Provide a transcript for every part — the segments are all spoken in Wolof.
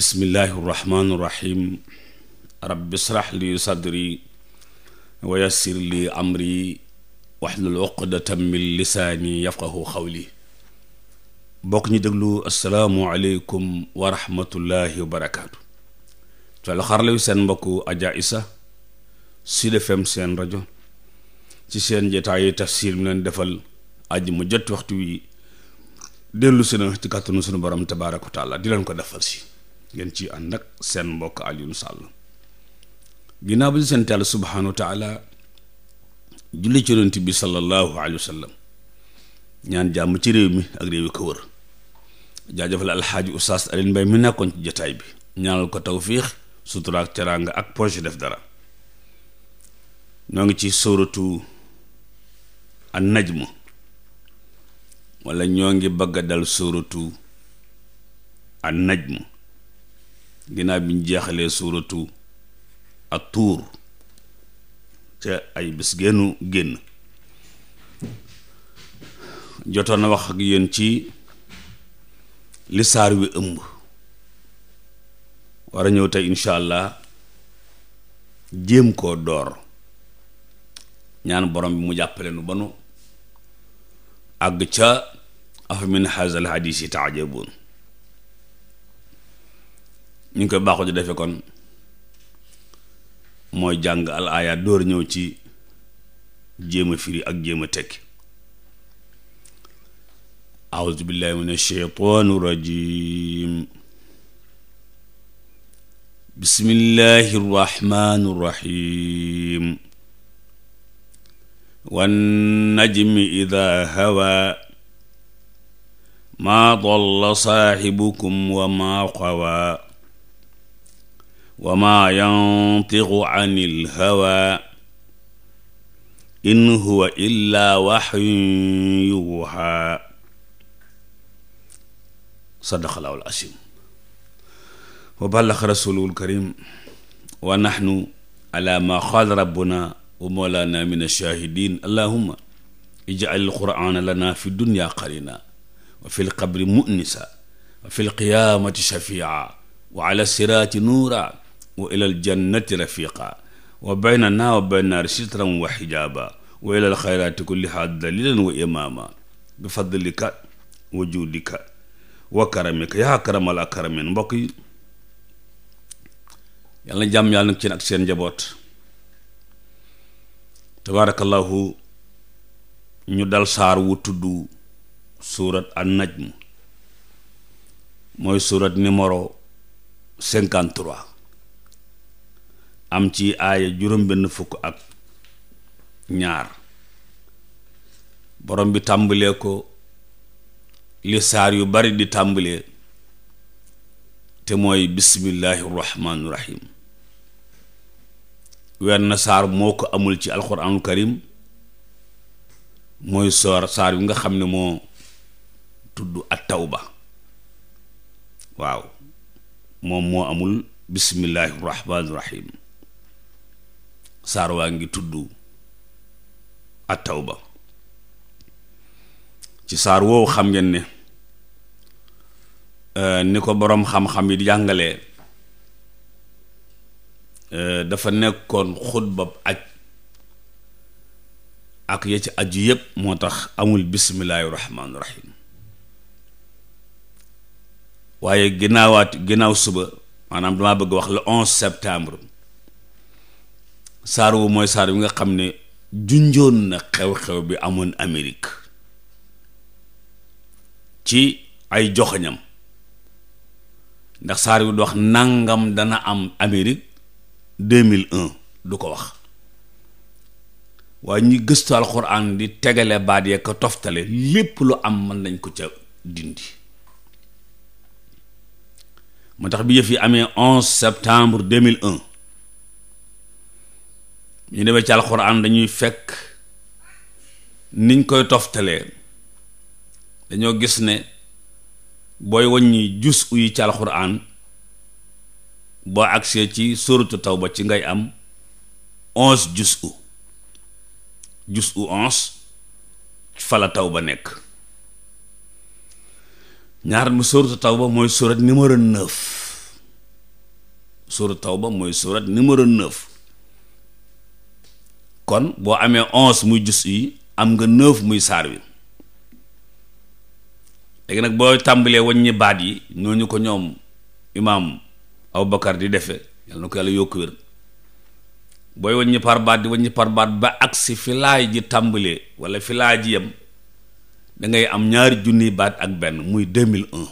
bismillaahi rahmaani rahiim rabbi israh li sadri wa yassir li amri waxlul uqdatan min lisaani yafqahu xawli bokk ñu déglu asalaamu aleykum wa rahmatullaahi wa barakaatu col xarla yu seen mbokku Adja Isa Sud seen rajo ci seen jotaayu tafsir mi leen defal aji mu jot waxtu wi dellu si na ci kàttanu sunu borom tabaaraka wa taala di leen ko defal si ngeen ci ànd seen mbokk Alioune Sall ginnaaw bi ñu sant Yàlla subhaanahu wa taala ci yonent bi sallallahu alayhi wa sallam ñaan jàmm ci réew mi ak réew yi ko wër alxaaji oustaz Alioune Mbaye mi nekkoon ci jataay bi ñaanal ko tawfiix sutura ak teraanga ak projet def dara ñoo ngi ci sóoratu an najm wala ñoo ngi bëgg a dal sóoratu an najm ginnaaw bi ñu jeexalee suuratu ak tuur ca ay bés génnu génn jotoon na wax ak yéen ci li saar wi ëmb war a ñëw tey incha allah jéem koo door ñaan borom bi mu jàppale nu ba nu àgg ca afa min haazal hadiisi taajabun ñu ngi koy baaxoo di defe kon mooy jàng al aaya dóor ñëw ci jéem a firi ak jéem a tekki aouzu billahi min asheytaani rajim bismillahi rahmani rahim wan najmi ida hawa ma dalla saaxibukum wa ma xawa wa maa yantiqu anil hawa in huwa illaa waxyun yuuxa sadaqallaahu l-asiim wa ballaxa rasuuluhu l-kariim wa naxnu alaa maa qaala rabbunaa wa mawlaanaa mina shaahidiin allaahumma ijcal l-qur'aana lanaa fi dunyaa qariinaa wa fi l-qabri mu'nisaa wa fi l-qiyaamati shafii'an wa alaa siraati nuuraa wa ila aljannati rafiqa wa baynana wa baynaar sitran wa xijaaba wa ila alxayraati kulliha dalilan wa imaama bi fadlika wa karamika yaa karamal akramin mbokk yi yàlla na jàmm yàlla na ci ak seen njaboot tabaarakallahu ñu dal saar wu suurat an najm mooy suurat numéro am ci aaya juróom-benn fukk ak ñaar boroom bi tàmbalee ko li saar yu bari di tàmbalee te mooy bismillahi rahmaani rahim wenn saar moo ko amul ci alxuraanul karim mooy soor saar yu nga xam ne moo tudd ak taw ba waaw moom moo amul bismillahi rahmaani rahim saar waa ngi tudd at ba ci saar woowu xam ngeen ne euh, ni ko boroom xam-xam yi di jàngalee euh, dafa nekkoon xutbab aj ak ya ci aju yépp moo tax amul bismillaahi rahmaani rahiim waaye ginnaawaat ginnaaw suba maanaam damaa bëgg wax la onze septembre saar wu mooy saar bi nga xam ne junjoon na xew-xew bi amoon Amérique ci ay joxoñam ndax saar wi du wax nangam dana am Amérique 2001 du ko wax waaye ñi gëstu alxuraan di tegale baat ya ko toftale lépp lu am mën nañ ko ca dindi moo tax bi yëf yi amee 11 septembre 2001 ñu demee ci alxuraan dañuy fekk niñ koy toftalee dañoo gis ne booy wàññi jus yi ci alxuraan boo agsee ci taw ba ci ngay am ons jus u jus fala taw ba nekk ñaar mu taw ba mooy surat numéro neuf suratu tawba mooy surat numéro neuf kon boo amee onze muy jus yi am nga neuf muy saar wi léegi nag boo tàmbalee wàññi baat yi ñooñu ko ñoom imaam Aboubacar di defe yàlla na ko yàlla yokk wér booy wàññi par baat di wàññi par ba agsi fi laay ji tàmbalee wala fi laay ji yem da am ñaari junniy baat ak benn muy deux mille un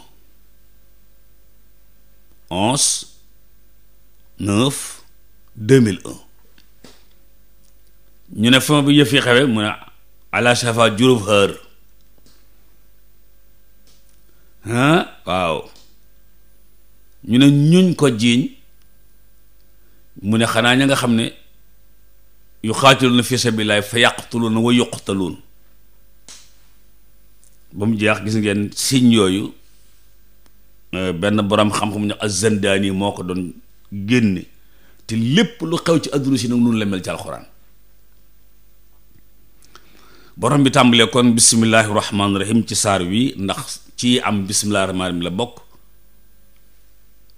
onze neuf un ñu ne fama bi yëf yi mu ne ala shafa juróom waaw ñu ne ñuñ ko jiiñ mu ne xanaa ña nga xam ne yu xaatiluuna fi billaay fa yaqtuluuna wa yuqtaluun ba mu jeex gis ngeen siñ yooyu euh, benn borom xam-xam ne az-Zandani moo ko doon génne te lépp lu xew ci àdduna si nag noonu la mel ci alxuraan borom bi tàmbalee kon bisimillahi rahmaani rahim ci saar wi ndax ci am bisimillahi rahmaani rahim la bokk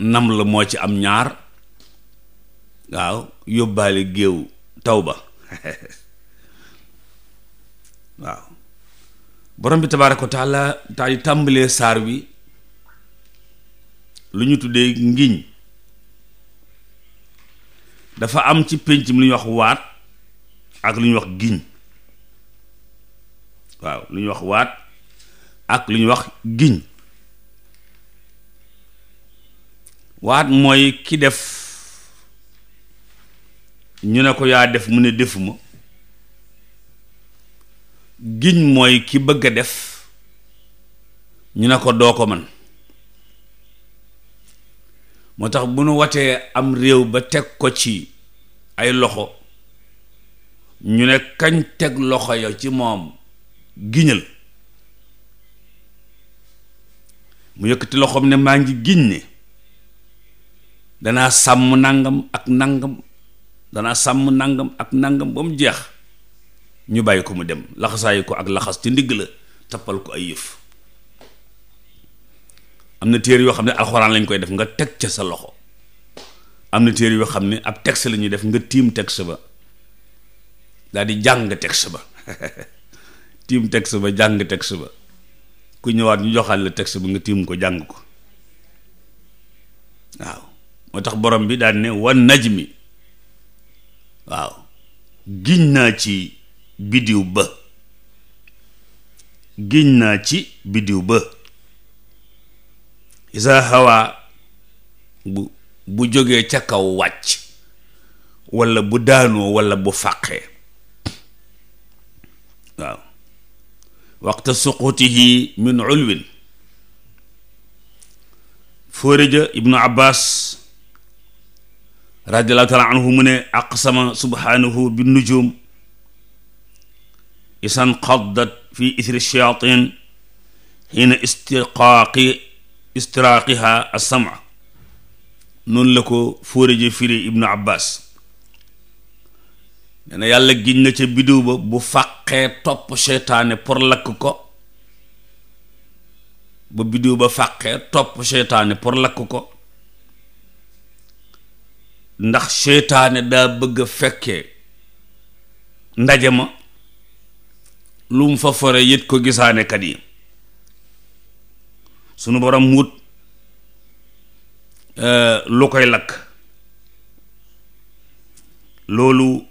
nam la moo ci am ñaar waaw yóbbaale géew taw ba waaw borom bi tabaaraka wa taala taal tàmbalee saar wi lu ñu tuddee ngiñ dafa am ci pénc mi lu ñuy wax waat ak lu ñuy wax giñ waaw lu ñuy wax waat ak lu ñuy wax giñ waat mooy ki def ñu ne ko yaa def mu ne defuma giñ mooy ki bëgg a def ñu ne ko doo ko man moo tax bu nu watee am réew ba teg ko ci ay loxo ñu ne kañ teg loxo ya ci moom giñal mu yëkkati loxoom ne maa ngi giñ ne danaa sàmm nangam ak nangam danaa sàmm nangam ak nangam ba mu jeex ñu bàyyi ko mu dem laxasaayi ko ak laxas ci ndigg la tappal ko ay yëf am na téere yoo xam ne alxuraan lañ koy def nga teg ca sa loxo am na téere yoo xam ne ab texte la ñuy def nga tiim texte ba daal di jàng texte ba tiim texte ba jàng texte ba ku ñëwaat ñu joxaat la texte ba nga tiim ko jàng ko waaw moo tax borom bi daal ne wan mi waaw giñ naa ci biddiw ba giñ naa ci biddiw ba isa hawa bu bu jógee ca kaw wàcc walla bu daanoo walla bu fàqee waxta suqutihi min ulwin fóoreja ibnu abbas radiallahu taala anhu mu ne aqsama subhanahu bi nujum isan qaddat fi ithri shayatin xiina istiqaaqi istiraaqiha asama noonu la ko fóoreja firi ibnu abbas nee yàlla giñ na ca biddiw ba bu fàqee topp seytaane pour lakk ko ba biddiw ba fàqee topp seytaane pour lakk ko ndax seytaane daa bëgg a fekkee ndaje ma lu mu fa fore yët ko gisaanekat yi sunu borom wut eh, lu koy lakk loolu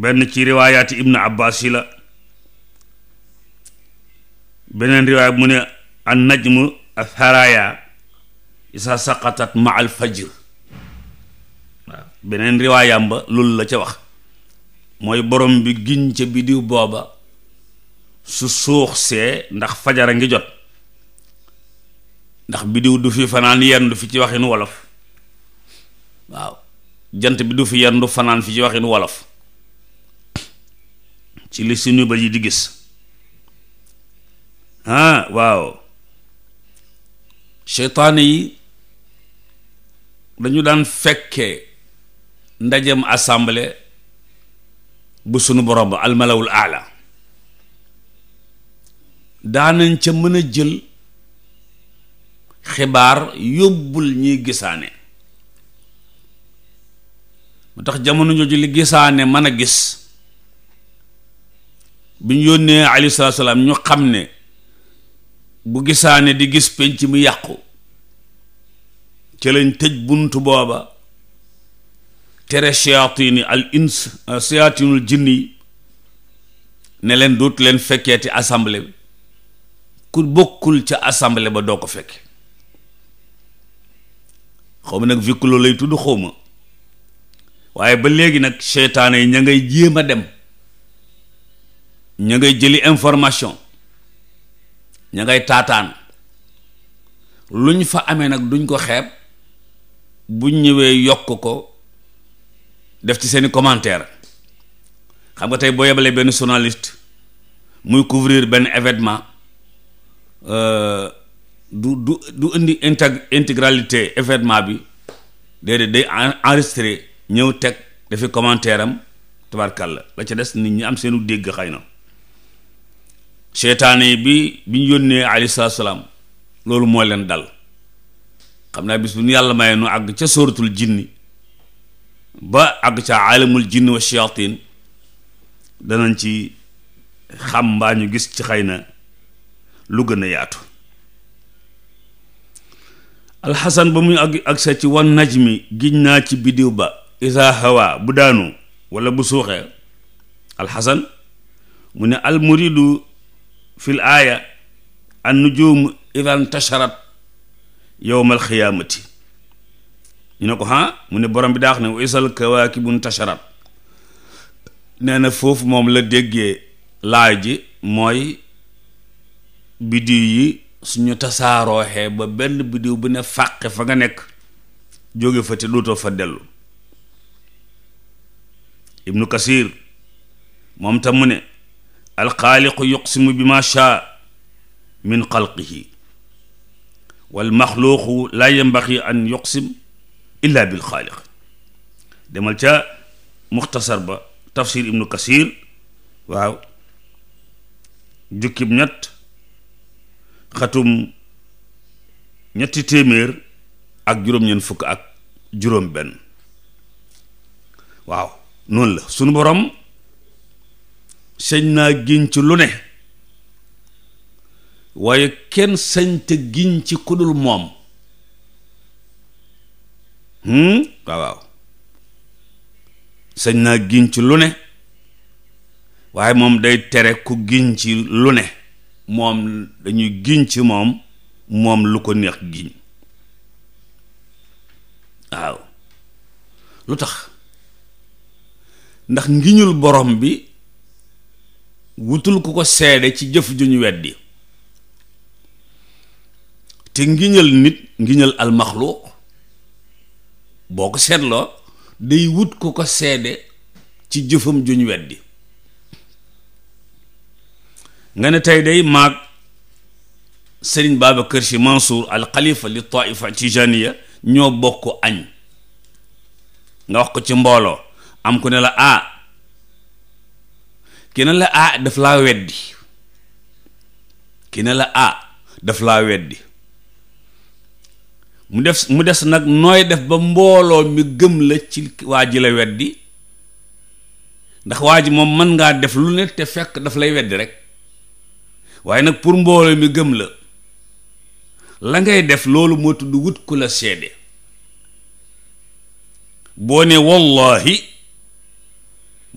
benn ci riwaayaati ibnu abbas yi la beneen riwaaya mu ne an najmu atharaya sa saqatat ma al fajr waaw beneen riwaayaam ba loolu la ca wax mooy borom bi giñ ca bidiw booba su suux see ndax fajar a ngi jot ndax bidiw du fi fanaan yendu fi ci waxin wolof waaw jant bi du fi yendu fanaan fi ci waxin wolof ci li suñu ba yi di gis ah waaw seytaane yi dañu daan fekkee ndajem assemblée bu sunu borom ba almalawul aala daanañ ca mën a jël xibaar yóbbul ñuy gisaane mu tax jamono jooju li gisaane mën a gis bi ñu yónnee aleyhi salaatu salaam ñu xam ne bu gisaane di gis penc mi yàqu ci lañ tëj bunt booba tere shayaatini al ins euh, shayaatinul jinni ne leen doot leen fekkeeti assemblée bi ku bokkul ca assemblée ba doo ko fekke xaw ma nag vikkuloo lay tudd xaw ma waaye ba léegi nag seytaane yi ña ngay jéem a dem ñu ngay jëli information ña ngay taataan lu ñu fa amee nag duñ ko xeeb buñ ñëwee yokk ko def ci seeni commentaire xam nga tey boo yebalee benn journaliste muy couvrir benn événement euh, du du du indi integ intégralité événement bi déedéet day enregistré ñëw teg dafi commentaire am tabarkàlla la ca des nit ñi am seenu dégg xay na seytaane bi bi ñu yónnee alayhi salaatu salaam loolu moo leen dal xam naa bis bu ñu yàlla may nu àgg ca sóoratul jinni ba àgg ca aalamul jinni wa shayatin danañ ci xam mbaa ñu gis ci xëy na lu gën a yaatu alxasan ba mu àgg ak sa ci wan najmi giñ naa ci biddiw ba isa hawa bu daanu wala bu suuxee alxasan mu ne almuridu fil aaya an nujum ida ntasharat yowma alxiyaamati ñu ne ko ha mu ne borom bi daax wax ne isal kawaakibu ntasharat nee na foofu moom la déggee laay ji mooy biddiw yi suñu tasaarooxee ba benn biddiw bu ne fàqe fa nga nekk jóge fa te dootoo fa dellu ibnu kasir moom tam mu ne alxaaliqu yuqsimu bi ma shaa min xalqihi wal maxluuqu laa yambaxi an yuqsim illa bil xaaliq demal ca muxtasar ba tafsir ibnu kasir waaw jukkib ñett xatum ñetti téeméer ak juróom-ñeent fukk ak juróom benn waaw noonu la sunu borom sañ naa giñ ci lu ne waaye kenn sañte giñ ci kudul moom hmm? waaw waaw naa giñ ci lu ne waaye moom day tere ku giñ ci lu ne moom dañuy giñ ci moom moom lu ko neex giñ waaw lu tax ndax ngiñul borom bi wutul ku ko seede ci jëf ju ñu weddi te ngiñal nit ngiñal almaxluuq boo ko seetloo day wut ku ko seede ci jëfam ju ñu weddi nga ne tey day maag Serigne Babacar Sy Mansour al xalifa li taifa tijaniya ñoo bokk añ nga wax ko ci mbooloo am ku ne la ah ki ne la ah daf laa weddi ki ne la ah daf laa weddi mu des mu des nag nooy def ba mbooloo mi gëm la ci waa ji la weddi ndax waa ji moom mën ngaa def lu ne te fekk daf lay weddi rek waaye nag pour mbooloo mi gëm la la ngay def loolu moo tudd wut ku la seede boo ne wallahi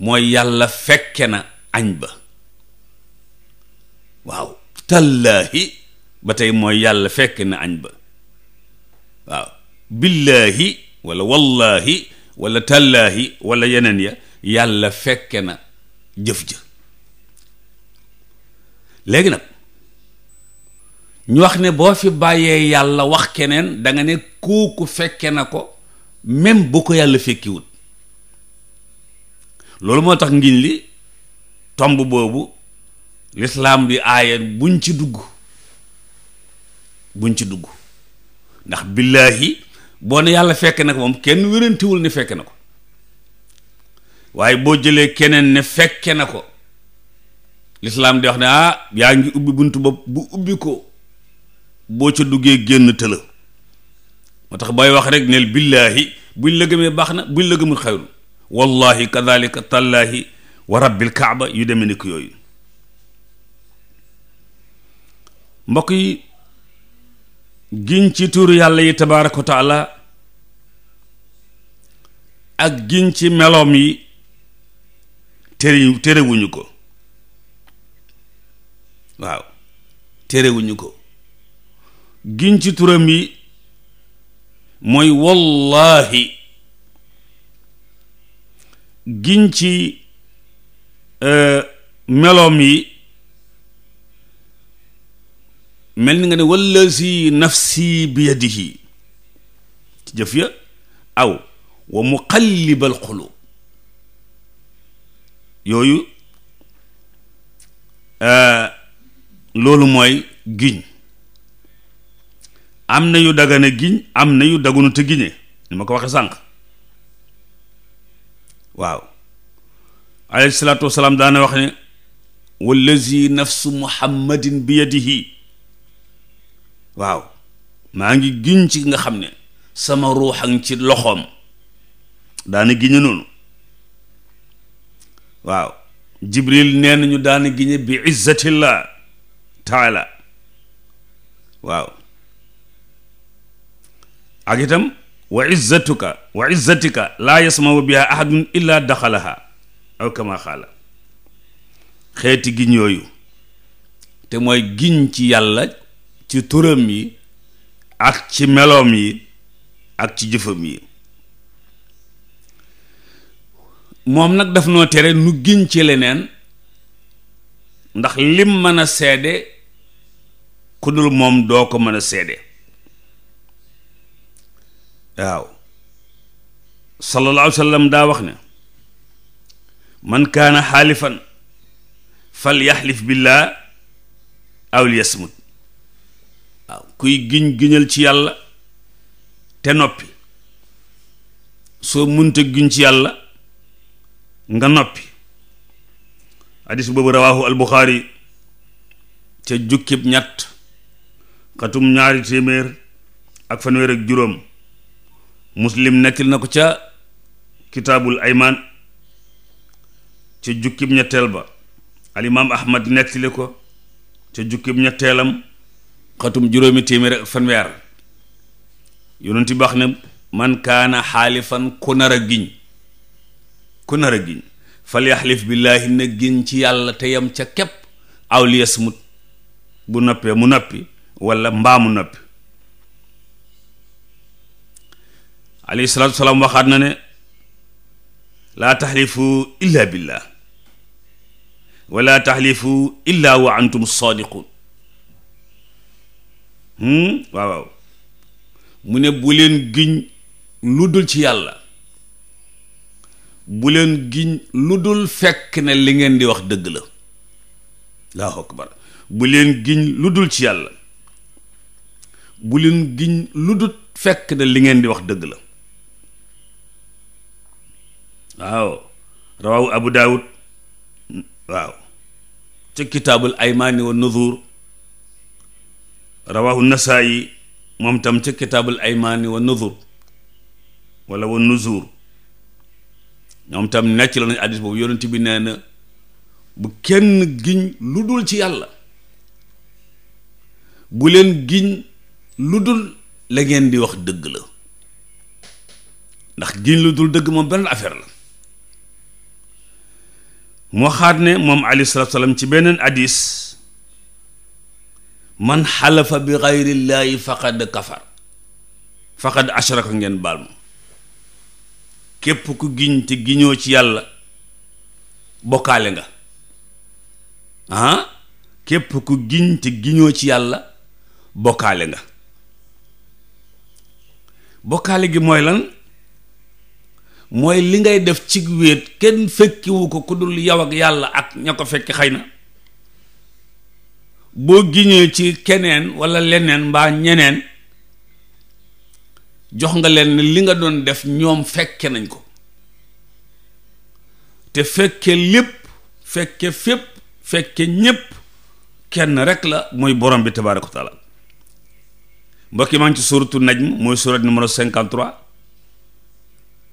mooy yàlla fekke na añ ba waaw tallaahi ba tey mooy yàlla fekk na añ ba waaw billaahi wala wallaahi wala tallaahi walla yeneen ya yàlla fekke na jëf ja léegi nag ñu wax ne boo fi bàyyee yàlla wax keneen da nga ne kooku fekke na ko même bu ko yàlla fekkiwut loolu moo tax ngin li tomb boobu lislaam bi aaya buñ ci dugg buñ ci dugg ndax billaahi boo ne yàlla fekk na ko moom kenn wérantewul ne fekk na ko waaye boo jëlee keneen ne fekke na ko lislaam di wax ne ah yaa ngi ubbi bunt ba bu ubbi ko boo ca duggee génn tëla moo tax booy wax rek neel billaahi buñ la gëmee baax na buñ la gëmul xayrul wallahi kadalika tallaahi wa rabbil kaaba yu demee ni yooyu mbokk yi giñ ci tuuru yàlla yi tabaaraka wa ak giñ ci meloom yi tere ko waaw terewuñu ko giñ ci turam yi mooy wallaahi giñ ci meloom yi mel ni nga ne si nafsi bi yadihi ci jëf ya aw wa muqallibal xulub yooyu euh, loolu mooy giñ am na yu dagana giñ am na yu dagunu te giñe ni ma ko waxe sànq waaw alayhi salaatu wasalaam daana wax ne wallazi nafsu muhammadin bi yadihi waaw maa ngi giñ ci nga xam ne sama ruuxan ci loxoom daana giñe noonu waaw jibril nee nañu daana giñe bi izzatillah taala waaw ak itam wa izzatuka wa izzatika laa yasmawu biha ahadun illa daxalaha aw kama xaala xeeti giñ yooyu te mooy giñ ci yàlla ci turam yi ak ci meloom yi ak ci jëfam yi moom nag daf noo tere nu giñ ci leneen ndax lim mën a seede ku dul moom doo ko mën a seede waaw sallallahu alayhi wa daa wax ne man kaana xaalifan fal yaxlif billaa aw liyasmut waaw kuy giñ giñal ci yàlla te noppi soo munta giñ ci yàlla nga noppi hadis boobu rawaahu albuxaari ca jukkib ñett xatum ñaari téeméer ak fanweer ak juróom muslim nekkil na ko ca kitaabul aymaan ca jukkib ñetteel ba alimaam ahmad nettali ko ca jukkib ñetteelam xatum juróomi téeméer ak fanweer yonent bi wax ne man kaana xaalifan ku nar a giñ ku nar a giñ fal yaxlif billaahi na giñ ci yàlla te yam ca képp aw li yasmut bu noppee mu noppi walla mbaamu mu noppi alayhi salaatu wasalaam waxaat na ne laa taxlifu illa billah wala taxlifu illa wa antum saadiqun hmm? waaw waaw mu ne bu leen giñ lu dul ci yàlla bu leen giñ lu dul fekk ne li ngeen di wax dëgg la allahu akbar bu ci yàlla lu fekk li ngeen di wax dëgg la waaw rawaw abu daawud waaw ca kitaabul aymaani wa nuzuur nasaa yi moom tam ca kitaabul aymaani wa nuzuur wala wa nuzuur ñoom tam necc la nañ addis boobu yonent bi nee na bu kenn giñ lu dul ci yàlla bu leen giñ lu dul la ngeen di wax dëgg la ndax giñ lu dul dëgg moom beneen affaire la mu waxaat ne moom aleyhi salaatu salaam ci beneen hadis man xalafa bi xayrillaahi faqad kafar faqad ashraka ngeen baal ma képp ku giñ te giñoo ci yàlla bokkaale nga ah képp ku giñ te giñoo ci yàlla bokkaale nga bokkaale gi mooy lan mooy li ngay def ci wéet kenn fekkiwu ko ku dul yow ak yàlla ak ña ko fekki xëy na boo giñee ci keneen wala leneen mbaa ñeneen jox nga leen li nga doon def ñoom fekke nañ ko te fekke lépp fekke fépp fekke ñépp kenn rekk la mooy borom bi tabaaraka wa taala mbokki maa ci ci suuratu najm mooy surat numéro cinquante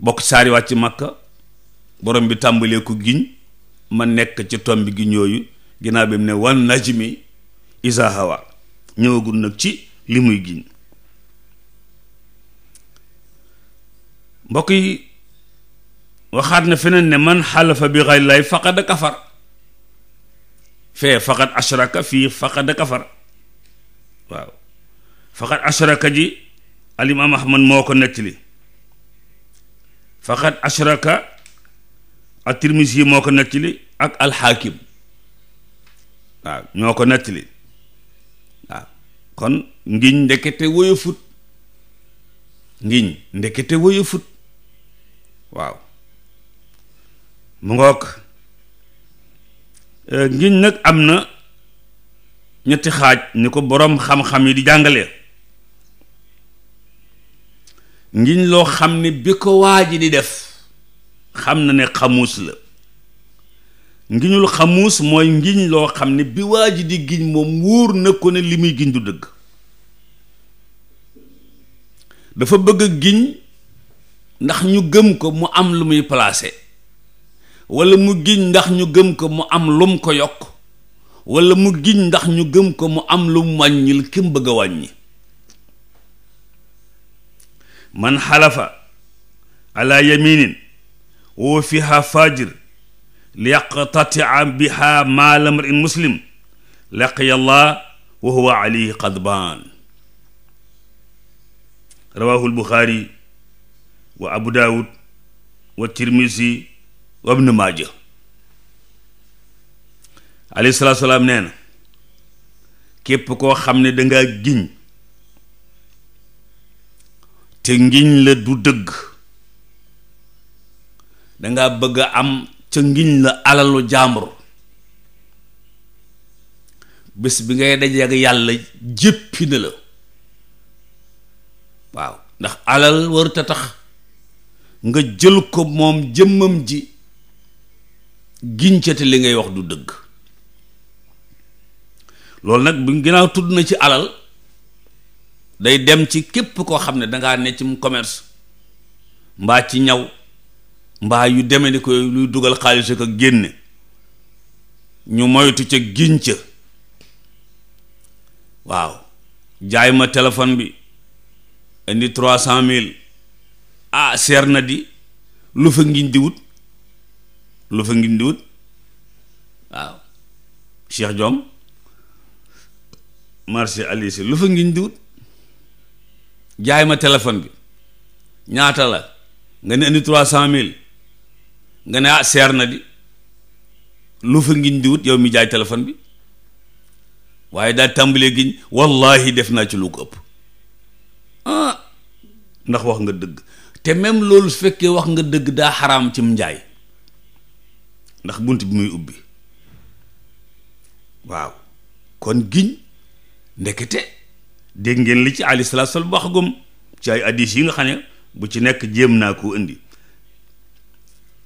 bokk saari wàcc makka borom bi tàmbalee ko giñ ma nekk ci tomb gi ñooyu ginnaaw bi mu ne wan najmi isa hawa nag ci li muy giñ mbokk yi waxaat na feneen ne man xalafa bi xayri laahi faqad kafar fee faqad ashraka fii faqad kafar waaw faqad ashraka ji al imaam ahmad moo ko nettali faqad ashraka at-Tirmisi yi moo ko nettali ak alxaakim waaw ñoo ko nettali waaw kon ngiñ ndekete woyofut ngiñ ndekete woyofut waaw mu ngoog eh, ngiñ nag am na ñetti xaaj ni ko boroom xam-xam yi di jàngale ngiñ loo xam ne bi ko waa ji di def xam na ne xamuus la ngiñul xamuus mooy ngiñ loo xam ne bi waa ji di giñ moom wóor na ko ne li muy giñ du dëgg dafa bëgg a giñ ndax ñu gëm ko mu am lu muy placé walla mu giñ ndax ñu gëm ko mu am lum ko yokk walla mu giñ ndax ñu gëm ko mu am lum wàññil ki bëgg wàññi man xalafa ala yaminin wa fiha fajir liyaqtatia biha maala mrin muslim laqiya llah wa huwa alayhi qadban rawahu lbuxaari wa abu daawud wa tirmisi wa ibnu maaja alayhi salaatu salaam nee na képp koo xam ne dangaa giñ te ngiñ la du dëgg danga bëgg a am ca ngiñ la alalu jàmbur bés bi ngay daje yàlla jéppi na la waaw ndax alal warut tax nga jël ko moom jëmmam ji gincate li ngay wax du dëgg loolu nag bi ginnaaw tudd na ci alal day dem ci képp koo xam ne dangaa ne mu commerce mbaa ci ñaw mbaa yu deme ni koy luy dugal xaalis ak génne ñu moytu ca giñ ca waaw jaay ma téléphone bi indi trois cent mille ah seer na di lu fa ngiñ di wut lu fa ngiñ di waaw Cheikh Diom marché Alice lu fa ngiñ di jaay ma téléphone bi ñaata la nga ne indi trois cent mille nga ne ah seer na di lu fa ngiñ di yow mi jaay téléphone bi waaye daa tàmbalee giñ wallahi def naa ci lu ko ëpp ah ndax wax nga dëgg te même loolu su fekkee wax nga dëgg daa xaraam cim njaay ndax bunt bi muy ubbi waaw kon giñ ndekete dégg ngeen li ci alayhi salaatu salaam wax gum ci ay addis yi nga xam ne bu ci nekk jéem naa koo indi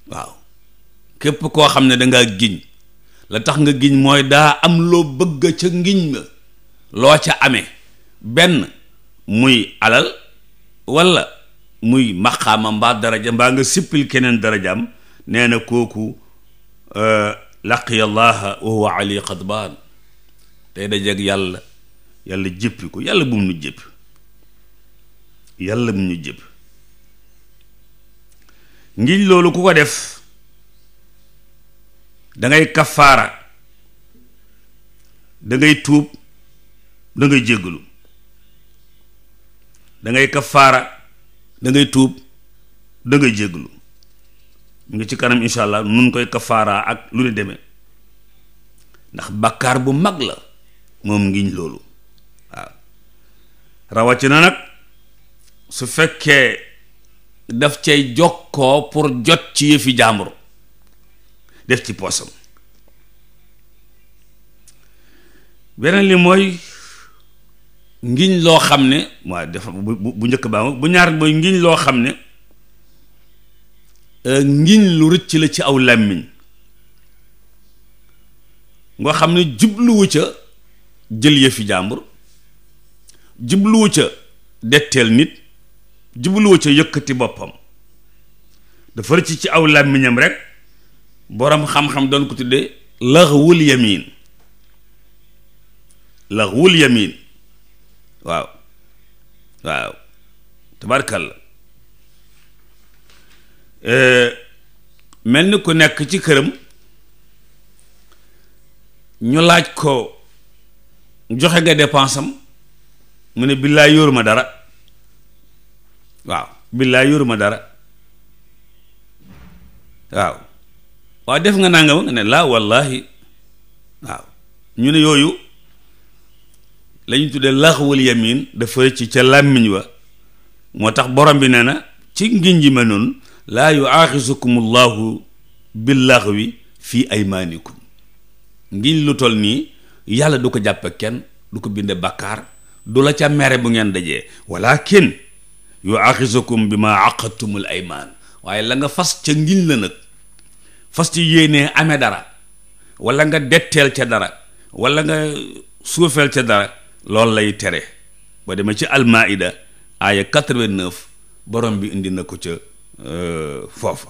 waaw képp koo xam ne dangaa giñ la tax nga giñ mooy daa am loo bëgg ca ngiñ ma loo ca amee benn muy alal walla muy maqaama mbaa daraja mbaa nga sippil keneen darajaam nee na kooku euh, laqiya llaha wa huwa ali xadbaan tey dajeeg yàlla yàlla jëppi ko yàlla bum nu jëpp yàlla bum nu jëpp ngiñ loolu ku ko def dangay kafaara dangay tuub dangay jéggalu dangay kafaara dangay tuub dangay jéggalu mu ngi ci kanam insha allah nun koy kafaara ak lu ne demee ndax bàkkaar bu mag la moom ngiñ loolu rawatina nag su fekkee def cay jokkoo pour jot ci yëfi jàmbur def ci poosam beneen li mooy ngiñ loo xam ne waa def bu bu njëkk baa bu ñaar mooy ngiñ loo xam ne euh, ngiñ lu rëcc la ci aw làmmiñ nga xam ne jubluwu ca jël yëfi jàmbur jubluwu ca detteel nit jubluwu ca yëkkati boppam dafa rëcc ci aw làmmiñam rek boroom xam-xam doon ko tudde laxwul yamin laxwul yamin waaw waaw tabarkalla eh, mel ni ku nekk ci këram ñu laaj ko joxe nga dépensam mu ne billaay yóoru ma dara waaw billaay yóoru ma dara waaw waaw def nga nangam nga ne laa wallaahi waaw ñu ne yooyu lañu tuddee laxwul yamin dafa rëcc ca làmmiñ wa moo tax borom bi nee na ci ngin ji ma noonu laa yu aaxisukum llahu billaxwi fii aymaanikum ngiñ lu toll nii yàlla du ko jàppe kenn du ko binde bàkkaar du la ca mere bu ngeen dajee walakin yu axizukum bi ma ay aymaan waaye la nga fas ca ngiñ la nag fas ci yéene ame dara wala nga detteel ca dara walla nga suufeel ca dara loolu lay tere ba deme ci almaida aaya 89 borom bi indi na ko ca euh, foofa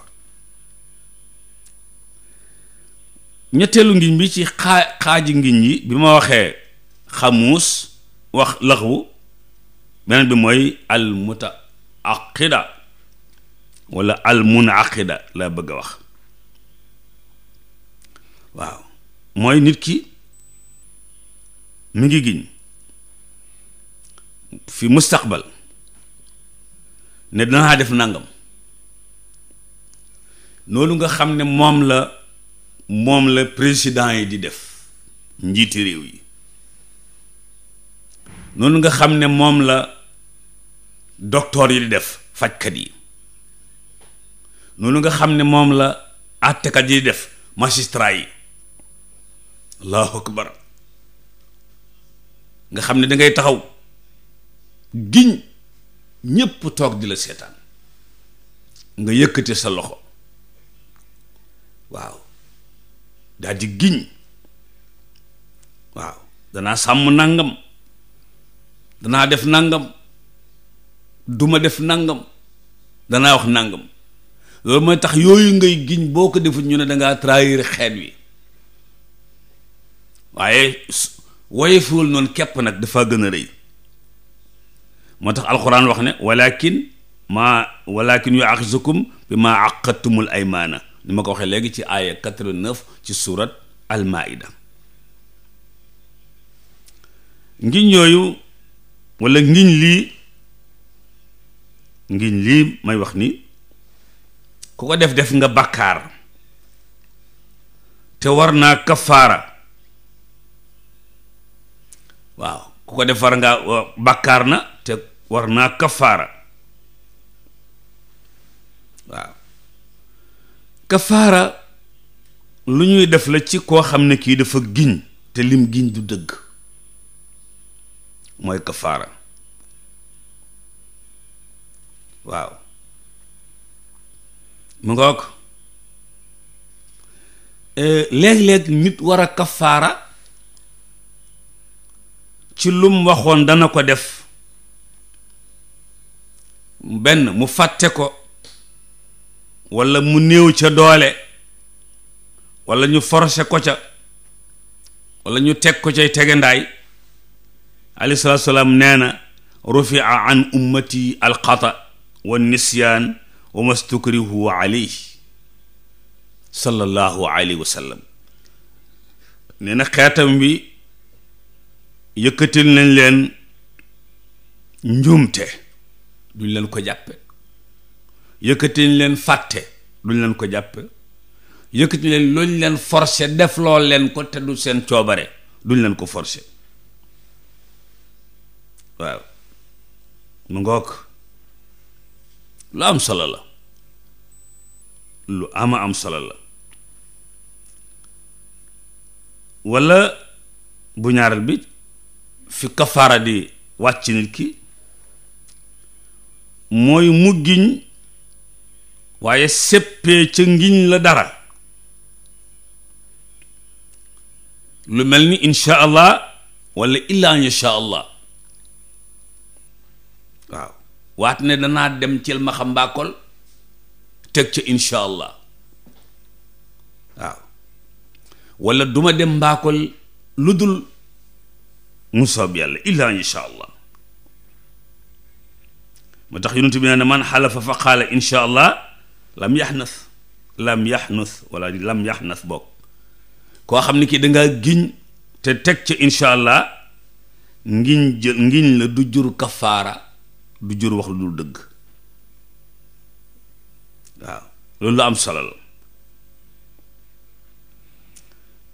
ñetteelu ngiñ bi ci xaa xaaji ngiñ yi bi ma waxee xamuus wax laxwu beneen bi mooy al mutaaqida wala al munaqida laa bëgg a wax waaw mooy nit ki mu ngi giñ fi mustaqbal ne danaa def nangam loolu nga xam ne moom la moom la président yi di def njiiti réew yi noonu nga xam ne moom la docteur yi di def fajkat yi noonu nga xam ne moom la àttekat yi di def magistrat yi allahu akbar nga xam ne dangay taxaw giñ ñépp toog di la seetaan nga yëkkate sa loxo waaw daal di giñ waaw danaa sàmm nangam danaa def nangam duma def nangam danaa wax nangam loolu mooy tax yooyu ngay giñ boo ko defut ñu ne dangaa trahir xeet wi waaye woyefuwul noonu képp nag dafa gën a rëy moo tax alxuraan wax ne walakin ma walakin yu axizukum bi maa aqadtumul aymaana ni ma ko waxee léegi ci aaya 89 ci suurat al maida ngiñ wala ngiñ lii ngiñ lii may wax ni ku ko def def nga bàkkaar te war naa kafaara waaw ku ko def war na te war naa kafaara waaw lu ñuy def la ci koo xam ne kii dafa giñ te lim giñ du dëgg mooy kafaara waaw mu ngoog eh, léeg-léeg nit war a kafaara ci lum waxoon dana ko def benn mu fàtte ko walla mu néew ca doole walla ñu forcé ko ca walla ñu teg ko cay tegandaay alayhi salaam nee na rufia an ummati alxata wa nisyaan wa mastukrihu alayhi sallallahu alayhi wa sallam nee na xeetam wi yëkkatil nañ leen njumte duñ leen ko jàppe yëkkatil leen fàtte duñ leen ko jàppe yëkkatil leen luñ leen forcé def loo leen ko te du seen coobare duñ leen ko forcé waaw mu ngoog lu am solo la lu ama am solo la walla bu ñaaral bi fi kafaara di wàcc nit ki mooy mu giñ waaye séppee ca ngiñ la dara lu mel ni insha allah walla illaa insha allah waat ne danaa dem cil ma xam mbaakol teg ca incha allah waaw wala duma dem mbaakol lu dul mu soob yàlla illaa incha allah moo tax yonent na ne man xalafa fa qaala incha allah lam yaxnas lam yaxnas walla lam yaxnas boog koo xam ni kii dangaa giñ te teg ca incha allah ngiñ jël ngiñ la du jur kafaara du jur wax lu dul dëgg waaw loolu lu am solo la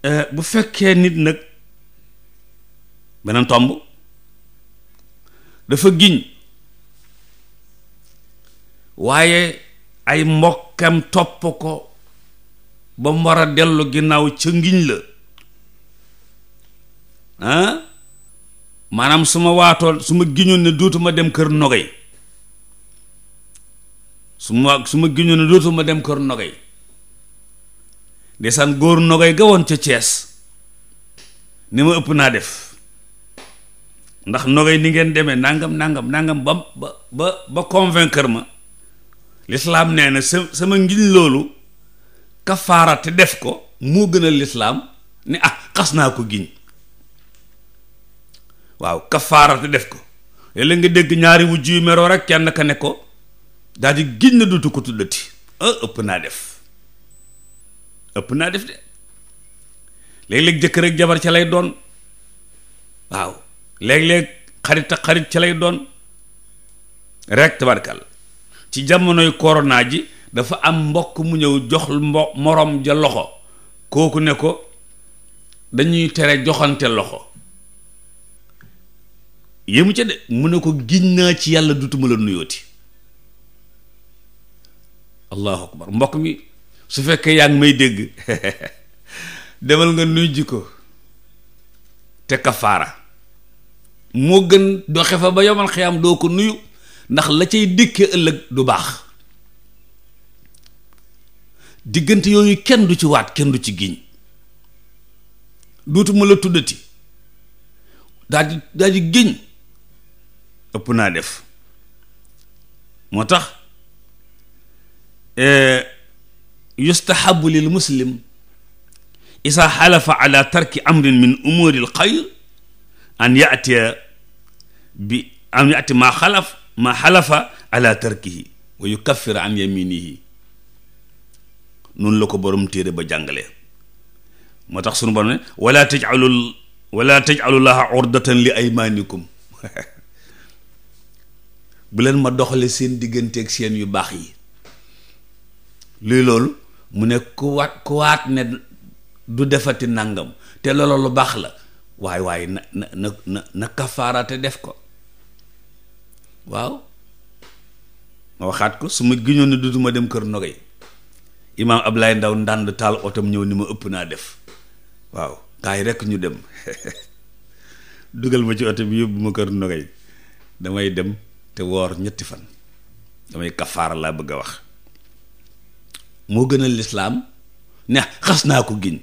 eh, bu fekkee nit nag beneen tomb dafa giñ waaye ay mbokkam topp ko bam war a dellu ginnaaw ca ngiñ la ah? maanaam su ma waatool su ma giñoon ne dootuma dem kër nogay su ma su ma giñoon ne dootuma dem kër nogay ndeysaan góor nogay ga woon ca Cees ni ma ëpp naa def ndax nogay ni ngeen demee nangam nangam nangam ba ba ba ba convaincre ma lislaam nee na sa sama ngiñ loolu kafaara te def ko moo gën a lislaam ne ah xas naa ko giñ waaw kafaaratu def ko léeg-léeg nga dégg ñaari wujj yu meroo rek kenn ka ne ko daal di na dutu ko tuddati ah, ëpp naa def ëpp naa def de léeg-léeg jëkkër ak jabar ca lay doon waaw léeg-léeg xarit xarit ca lay doon rek tabarkal ci jamonoy corona ji dafa am mbokk mu ñëw jox mbo moroom ja loxo kooku ne ko dañuy tere joxante loxo yéemu ca de mu ne ko giñ naa ci yàlla dutuma la nuyooti allahu akbar mbokk mi su fekkee yaa ngi may dégg demal nga nuy ji ko te kafaara moo gën doxe fa ba yomal xiyaam doo ko nuyu ndax la cay dikkee ëllëg du baax diggante yooyu kenn du ci waat kenn du ci giñ duutuma la tuddati daal di giñ ëpp naa def moo tax eh, yustahabu lil muslim isa xalafa ala tarki amrin min umuri l an yati maa xalaf maa xalafa ala tarkihi wa yukaffir an yaminihi noonu la ko borom téere ba jàngalee moo tax sunu borom ne wala tajalu wala tajalu laha urdatan li aymanikum bu leen ma doxale seen diggante ak seen yu baax yi luy loolu mu ne ku waat ku waat ne du defati nangam te loolu lu baax la waaye waaye na na na kafaaraate def ko waaw ma waxaat ko su ma giñoon ne dutuma dem kër nogay imaam lay Ndaw ndànd taal otoom ñëw ni ma ëpp naa def waaw kaay rekk ñu dem dugal ma ci oto bi yóbbu ma kër nogay damay dem te woor ñetti fan damay kafaara laa bëgg a wax moo gën a lislaam ne xas naa ko giñ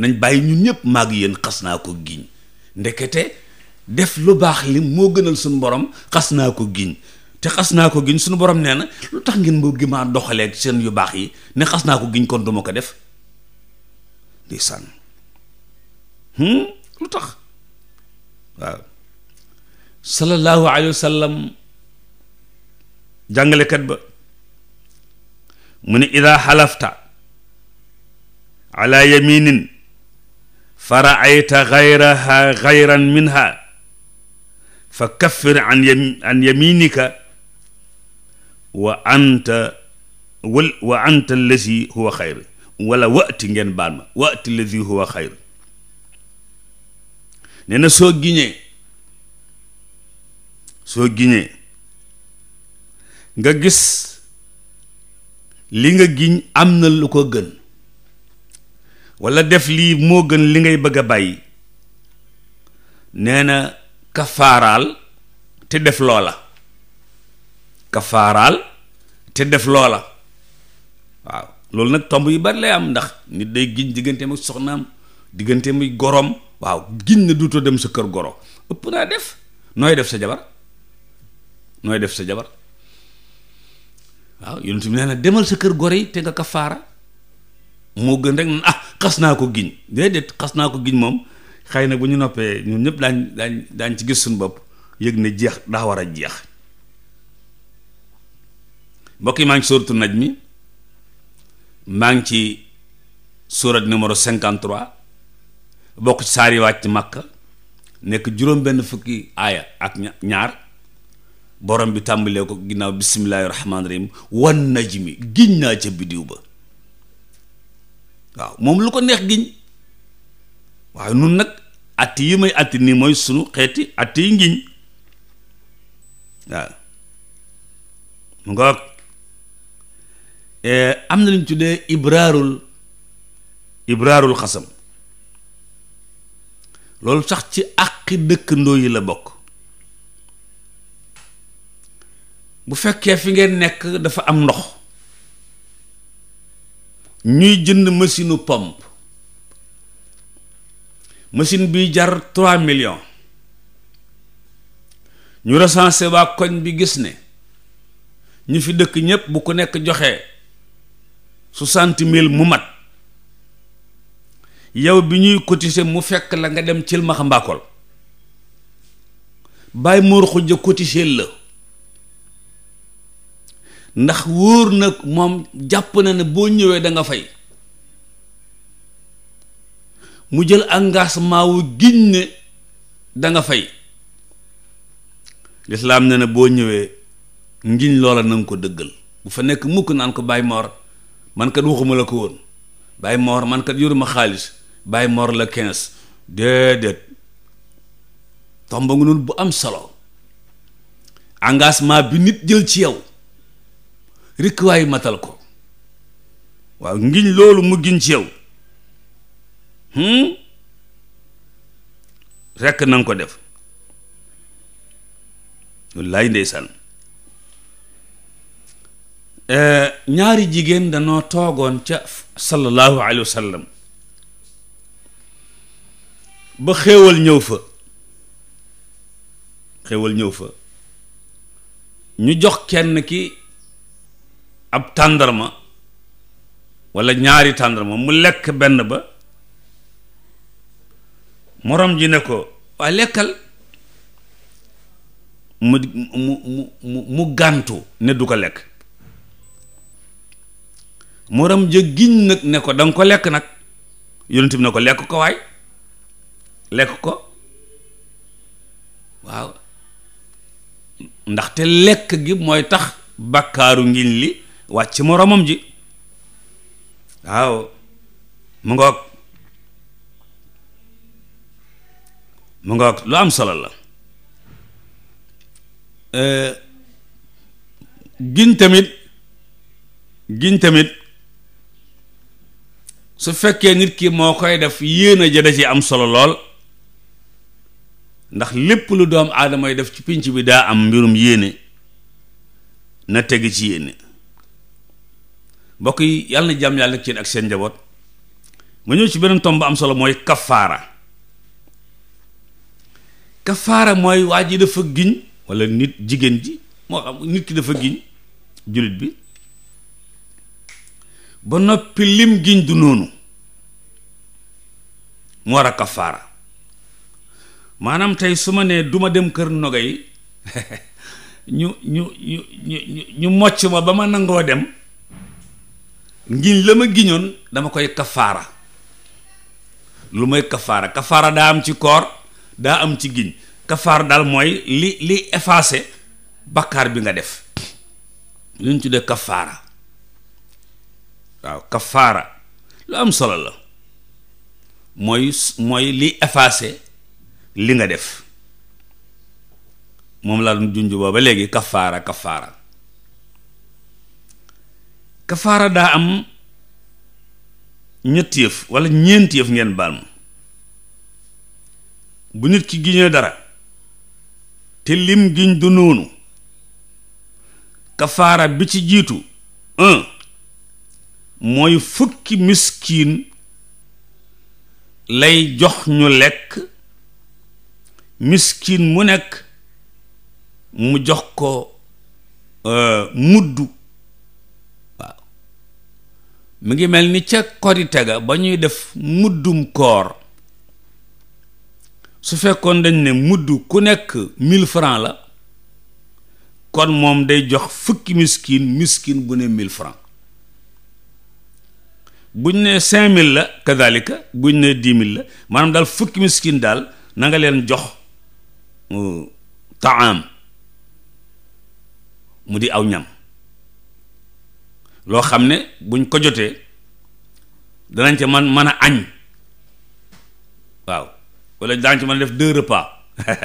nañ bàyyi ñun ñëpp maag yéen xas naa ko giñ ndekete def lu baax li moo gënal suñ borom xas naa ko giñ te xas naa ko giñ suñu borom nee na lu tax ngeen ma gi ma doxalee seen yu baax yi ne xas naa ko giñ kon duma ko def di hmm? lu tax waaw sallallahu alayhi wa jàngalekat ba mu ne ida xalafta ala yaminin fa raayta gayraha gayran minha fa kaffir an yam an yaminika wa anta wal wa anta allazi huwa xayr wala wati ngeen baal ma wati allazi huwa xayr nee na soo giñee soo giñee nga gis li nga giñ am na lu ko gën walla def lii moo gën li ngay bëgg a bàyyi nee na kafaaraal te def loola kafaaraal te def loola waaw loolu nag tomb yi bari lay am ndax nit day giñ diggante muy soxnaam diggante muy gorom waaw giñ na duutoo dem sa kër goro ëpp naa def nooy def sa jabar nooy def sa jabar waaw yonent bi nee na demal sa kër gor yi te nga kafaara moo gën rek ah xas naa ko giñ déedéet xas naa ko giñ moom xëy na bu ñu noppee ñun ñëpp daañ daañ ci gis suñu bopp yëg ne jeex daa war a jeex mbokk yi maa ngi ci sóoratu naj mi maa ngi ci sóorat numéro cinquante trois bokk ci saari wàcc màkk nekk juróom benn fukki aaya ak ñaar borom bi tàmbalee ko ginnaaw bismillaahi rahmaani rahim wan najmi giñ naa ca biddiw ba waaw moom lu ko neex giñ waaye nun nag atti yi may atti nii mooy sunu xeeti atti yi ngiñ waaw mu ngoog eh, am na lu ñu tuddee ibraarul ibraarul xasam loolu sax ci àqi dëkkandoo yi la bokk bu fekkee fi ngeen nekk dafa am ndox ñuy jënd machine pompe machine bi jar trois millions ñu recensé waa koñ bi gis ne ñu fi dëkk ñépp bu ku nekk joxe soixante mille mu mat yow bi ñuy cotiser mu fekk la nga dem cil maxa mbaakol bàyyi moor xujja cotiser la ndax wóor nag moom jàpp na ne boo ñëwee danga fay mu jël engagement wu giñ ne da nga fay lislaam ne boo ñëwee ngiñ loola na nga ko dëggal bu fa nekk mukk naan ko bay Mor man kat la ko woon Baye Mor man kat yoruma xaalis bay Mor la quinze déedéet tomba nga noonu bu am solo engagement bi nit jël ci yow rikk matal ko waaw ngiñ loolu mu giñ ci yow hmm? rekk na ko def wallaay ndeysaan eh, ñaari jigéen danoo toogoon ca sallallahu alayhi wa ba xéewal ñëw fa xéewal ñëw fa ñu jox kenn ki ab tàndarma walla ñaari tàndarma mu lekk benn ba moroom ji ne ko waa lekkal mu mu mu mu gàntu ne du ko lekk moroom jë giñ nag ne ko danga ko lekk nag yonent bi ne ko lekk ko waay lekk ko waaw ndaxte lekk gi mooy tax bàkkaaru ngiñ li wàcc moroomam ji waaw mu ngoog mu ngoog lu am solo la giñ tamit giñ tamit su fekkee nit kii moo koy def yéena ja da ci am solo lool ndax lépp lu doom aadamay def ci pinc bi daa am mbirum yéene na teg ci yéene mbokk yi yàlla na jàmm yàlla nekk ak seen njaboot nga ñëw ci beneen tomb am solo mooy kafaara kafaara mooy waa ji dafa giñ walla nit jigéen ji moo xam nit ki dafa giñ jullit bi ba noppi lim giñ du noonu mu war a kafaara maanaam tey su ma nee duma dem kër noga yi ñu ñu ñu ñu ñu mocc ma ba ma nangoo dem ngiñ la ma giñoon dama koy kafaara lu mooy kafaara kafaara daa am ci koor daa am ci giñ kafaara daal mooy li li effacé bakkaar bi nga def lu ñu tuddee kafaara waaw kafaara lu am solo la mooy mooy li effacé li nga def moom laa doon junj booba léegi kafaara kafaara kafaara daa am ñetti yëf wala ñeenti yëf ngeen baal ma bu nit ki giñee dara te lim giñ du noonu kafaara bi ci jiitu mooy fukki miskin lay jox ñu lekk miskin mu nekk mu jox ko euh, muddu mi ngi mel ni ca korite ga ba ñuy def muddum koor su fekkoon dañ ne mudd ku nekk mille francs la kon moom day jox fukki miskin miskin bu ne mille francs buñ ne cinq mille la kadalika buñ ne dix mille la maanaam daal fukki miskin daal na leen jox euh, taam mu di aw ñam loo xam ne buñ ko jotee danañ ca man mën a añ waaw wala danañ ca mën a def deux repas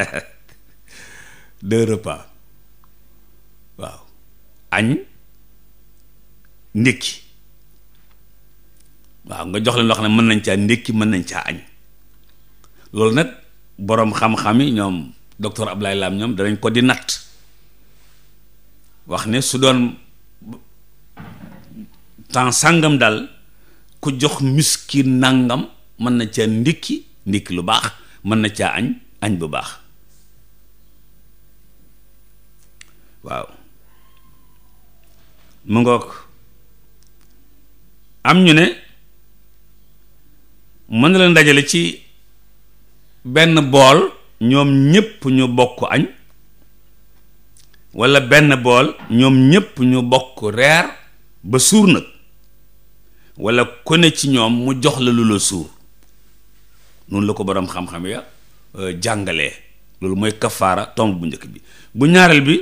deux repas waaw añ ndékki waaw nga jox leen loo xam ne mën nañ caa ndékki mën nañ caa añ loolu nag boroom xam-xam yi ñoom docteur Abdoulaye Lam ñoom danañ ko di natt wax ne su doon temps sàngam dal ku jox miski nàngam mën na caa ndikki ndikki lu baax mën na caa añ añ bu baax waaw mu ngoog am ñu ne mën na leen dajale ci benn bool ñoom ñépp ñu bokk añ walla benn bool ñoom ñépp ñu bokk reer ba suur nag wala ku ne ci ñoom mu jox la lu la suur noonu la ko boroom xam-xam ya euh, jàngale loolu mooy kafaara tomb bu njëkk bi bu ñaareel bi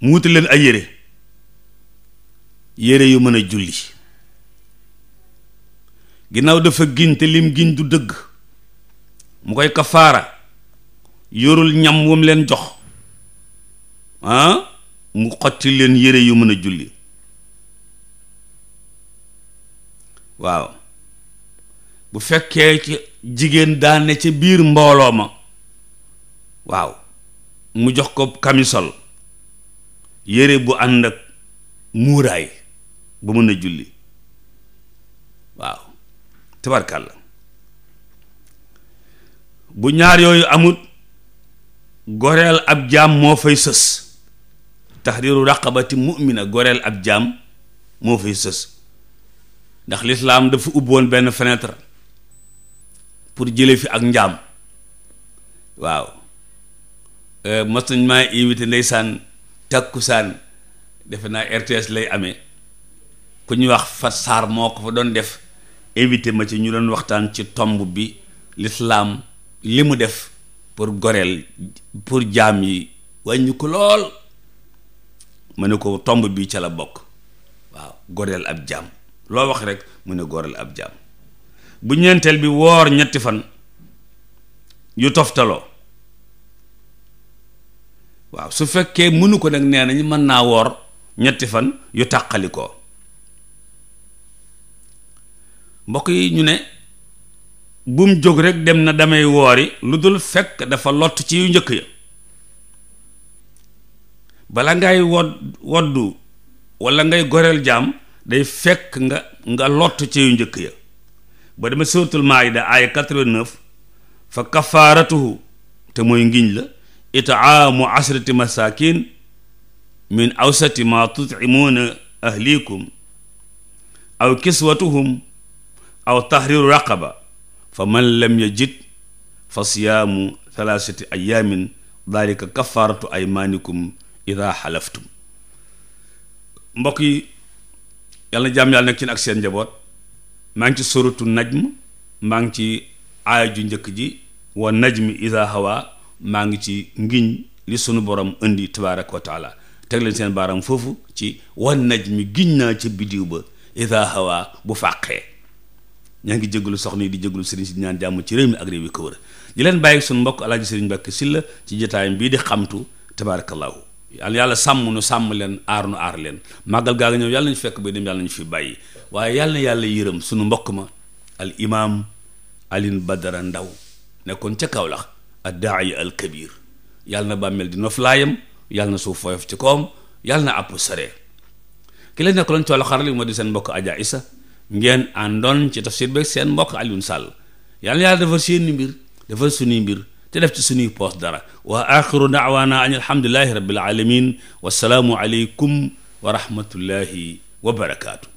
mu wuti leen ay yére yére yu mën a julli ginnaaw dafa giñ te lim giñ du dëgg mu koy kafaara yorul ñam wam leen jox ah mu xotti leen yére yu mën a julli waaw bu fekkee ci jigéen daane ci biir mbooloo ma waaw mu jox ko kamisol yére bu ànd ak muuraay ba mën a julli waaw tabarkàlla bu ñaar yooyu amut goreel ab jaam moo fay sës taxriiru raqabati mu'mina goreel ab jaam moo fay sës ndax lislaam dafa ubboon benn fenêtre pour jële fi ak njaam waaw euh, mas invité maa invité ndeysaan tàkkusaan defe naa RTS lay ame ku ñuy wax Fat saar moo ko fa doon def invité ma ci ñu doon waxtaan ci tomb bi lislaam li mu def pour goreel pour jaam yi wàññi ko lool ma ne ko tomb bi ca la bokk waaw goreel ab jaam loo wax rekk mu ne góoral ab jaam bu ñeenteel bi woor ñetti fan yu toftaloo waaw su fekkee mënu ko nag nee nañ mën naa woor ñetti fan yu tàqalikoo mbokk yi ñu ne bum jóg rek dem na damay woori lu dul fekk dafa lott ci yu njëkk ya bala ngay wodd woddu walla ngay goreel jàmm day fekk nga nga lott ci njëkk ya ba dama suratul maayida aaya 89 fa kafaaratuhu te mooy ngiñ la itaamu asrati masakin min awsati ma tutcimuuna ahlikum aw kiswatuhum aw tahriru raqaba fa man lam yajid fa siyaamu thalathati ayaamin dalika kafaaratu aymaanikum ida xalaftum yàlla na jàmm yàlla nekk ci ak seen njaboot maa ngi ci suratu najm maa ngi ci aaya ju njëkk ji wa najmi iza hawa maa ngi ci ngiñ li sunu borom indi tabaaraka wa taala teg leen seen baaram foofu ci wa najmi giñ naa ci bidiw ba iza hawa bu fàqee ñaa ngi jégalu soxna yi di jégalu sëriñ si ñaan jàmm ci réew mi ak réew yi ko wër leen bàyyi suñu mbokk alaaji sëriñ Mbàkke Sylla ci jotaayam bii di xamtu tabaarakallaahu yàlla yàlla sàmm nu sàmm leen aar nu aar leen màggal gaa nga ñëw yàlla nañu fekk ba dem yàlla nañu fi bàyyi waaye yàlla na yàlla yërëm suñu mbokk ma al imaam Alioune Badara Ndaw nekkoon ca Kaolack ad daayi al kabir yàlla na bàmmeel di noflaayam yàlla na suuf fooyof ci kawam yàlla na àpp saree ki nekk loon coolo xaral di seen mbokk Adja Issa ngeen àndoon ci tafsir beeg seen mbokk Alioune Sall yàlla defar seeni mbir defar suñuy mbir te def ci suñuy poos dara wa axiru daawaana an alhamdulilahi rabbil alamin wasalaamu aleykum wa rahmatullahi wa barakaatu